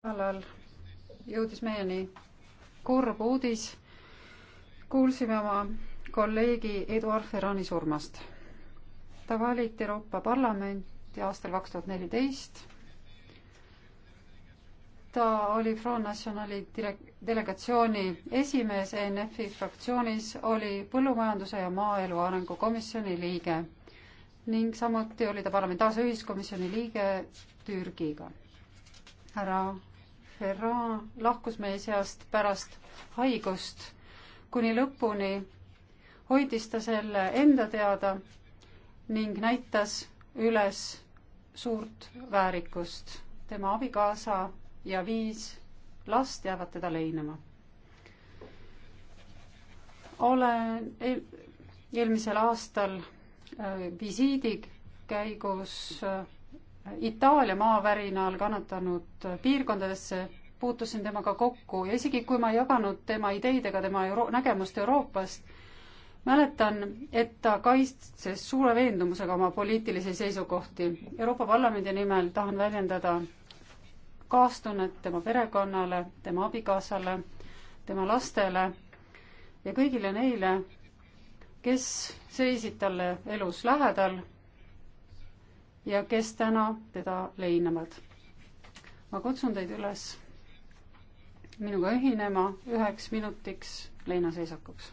nädalal jõudis meieni kurb uudis. kuulsime oma kolleegi Eduard Ferrani surmast. ta valiti Euroopa Parlamenti aastal kaks tuhat neliteist. ta oli Front Nationali delegatsiooni esimees ENF-i fraktsioonis, oli põllumajanduse ja maaelu arengu komisjoni liige ning samuti oli ta parlamentaarse ühiskomisjoni liige Türgiga. härra Ferran lahkus meie seast pärast haigust. kuni lõpuni hoidis ta selle enda teada ning näitas üles suurt väärikust. tema abikaasa ja viis last jäävad teda leinama. olen eel, eelmisel aastal äh, visiidi käigus äh, Itaalia maavärinal kannatanud piirkondadesse, puutusin temaga kokku ja isegi kui ma ei jaganud tema ideid ega tema euro nägemust Euroopast, mäletan, et ta kaitses suure veendumusega oma poliitilisi seisukohti. Euroopa Parlamendi nimel tahan väljendada kaastunnet tema perekonnale, tema abikaasale, tema lastele ja kõigile neile, kes seisid talle elus lähedal ja kes täna teda leinavad. ma kutsun teid üles minuga ühinema üheks minutiks leinaseisakuks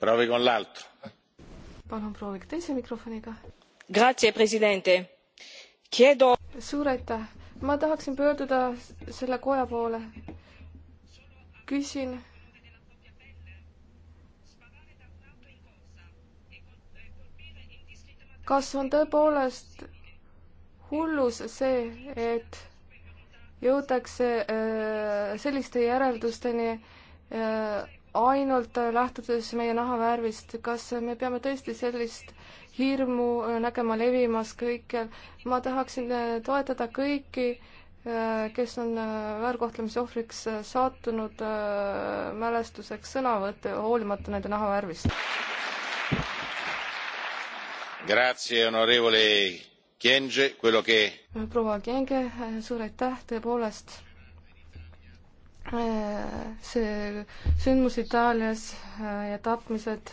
proovige on l'altro. palun proovige teise mikrofoniga. Grazie, presidente. Chiedo. suur aitäh. ma tahaksin pöörduda selle koja poole. küsin kas on tõepoolest hullus see, et jõutakse äh, selliste järeldusteni, äh, ainult lähtudes meie nahavärvist, kas me peame tõesti sellist hirmu nägema levimas kõikjal. ma tahaksin äh, toetada kõiki, äh, kes on äh, väärkohtlemise ohvriks sattunud mälestuseks sõnavõtte, hoolimata nende nahavärvist. proua Kienge, suur aitäh tõepoolest see sündmus Itaalias äh, ja tapmised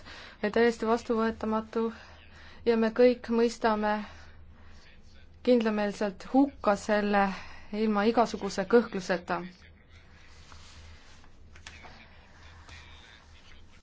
täiesti vastuvõetamatu ja me kõik mõistame kindlameelselt hukka selle ilma igasuguse kõhkluseta.